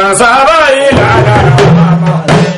àṣàrà ìlànà àmàlẹ́.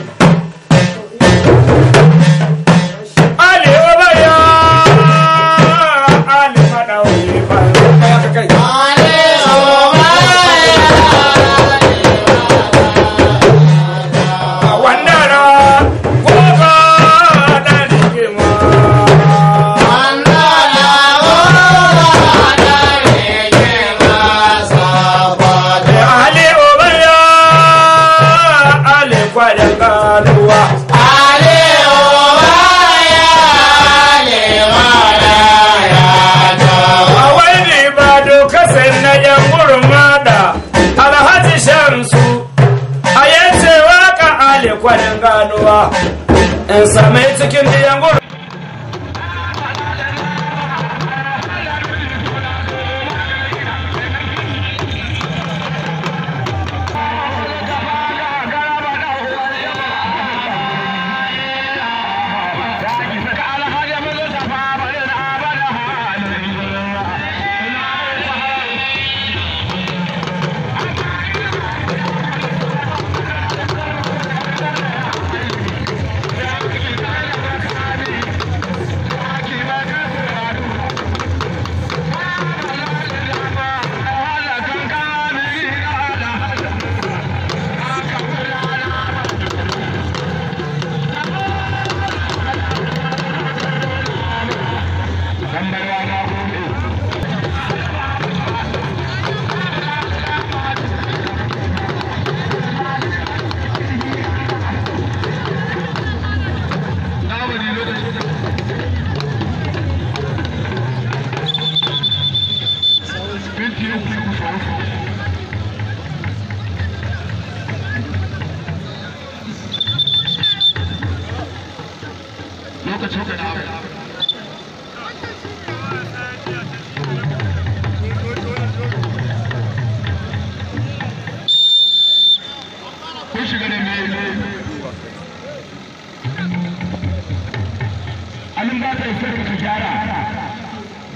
in ba ka isar ka gyara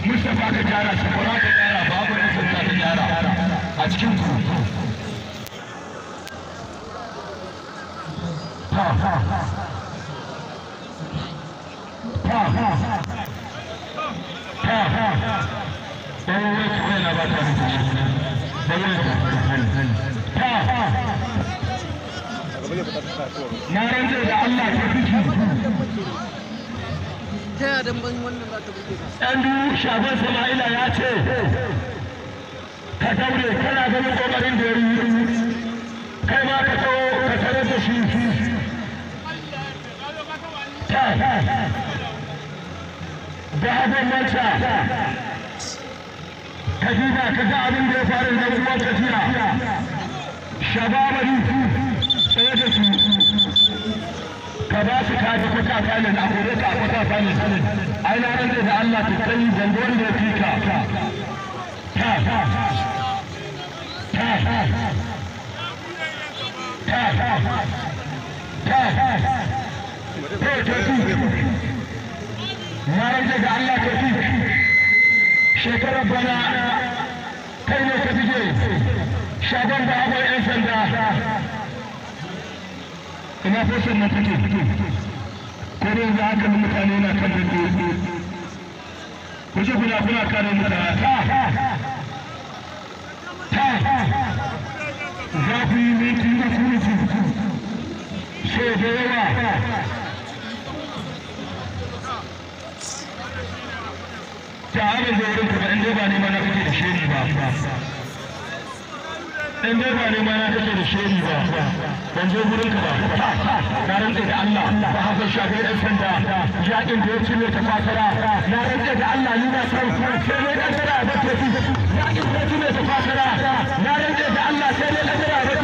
Mustapha ka gyara Shakwara ka gyara babu Mustapha ka gyara a cikin ku ha ha ha ha ha ha ha ha ɗan wani kawai na ba ta rufe ɗan wani ta ha na rantsa da Allah ta fi ta yaya dan wannan za ta buge ka dubu shafan sama'ila ya ce ka daure kana ganin ƙoƙarin da ya yi kai ma ka tsawo ka tare da shi da hakan manta ka ka ga abin da ya faru da uwar ka tira shababari tsaye da shi. ka ba su kaji kwata falin a kore ka a kwata falin ai na da Allah ta tsayi zango wanda ya fi ka ta ta ta ta, ta ta, shekarar bana kai ta, ta, ta, ta, ta, ta ina fashin na take ko dai za ka mutane na kan dande ku ce kuna kuna kare mutane za ku yi minti da yawa wurin ba na ba dan dai ba ne ma na kake da shiri ba ban je gurin ka ba na rantse da Allah ba haka shafi dan sanda yakin da ya cire ta fasara na rantse da Allah ni na san sai ne dan da ba ta fi yakin da ya cire ta fasara na rantse da Allah sai ne dan da ba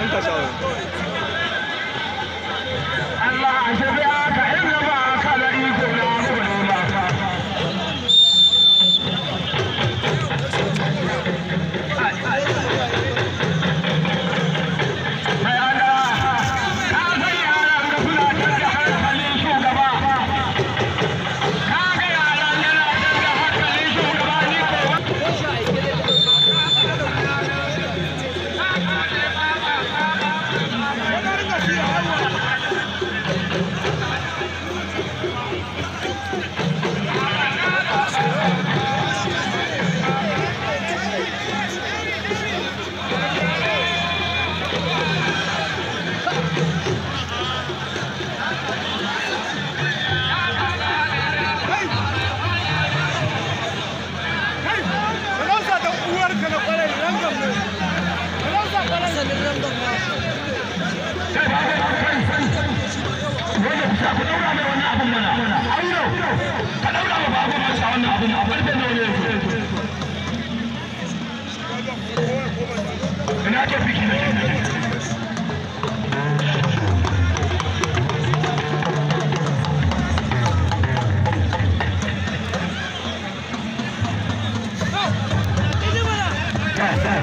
笑的。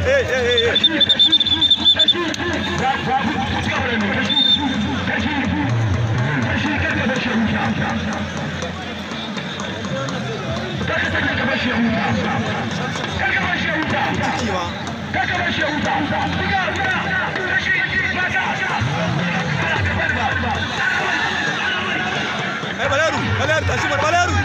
Valero, eh, Valero, tá cima, Valero!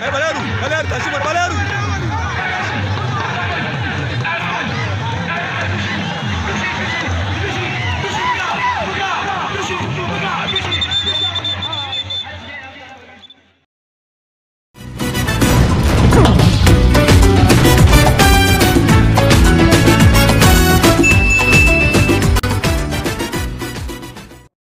É, Valero! Galera, tá em cima, Valero!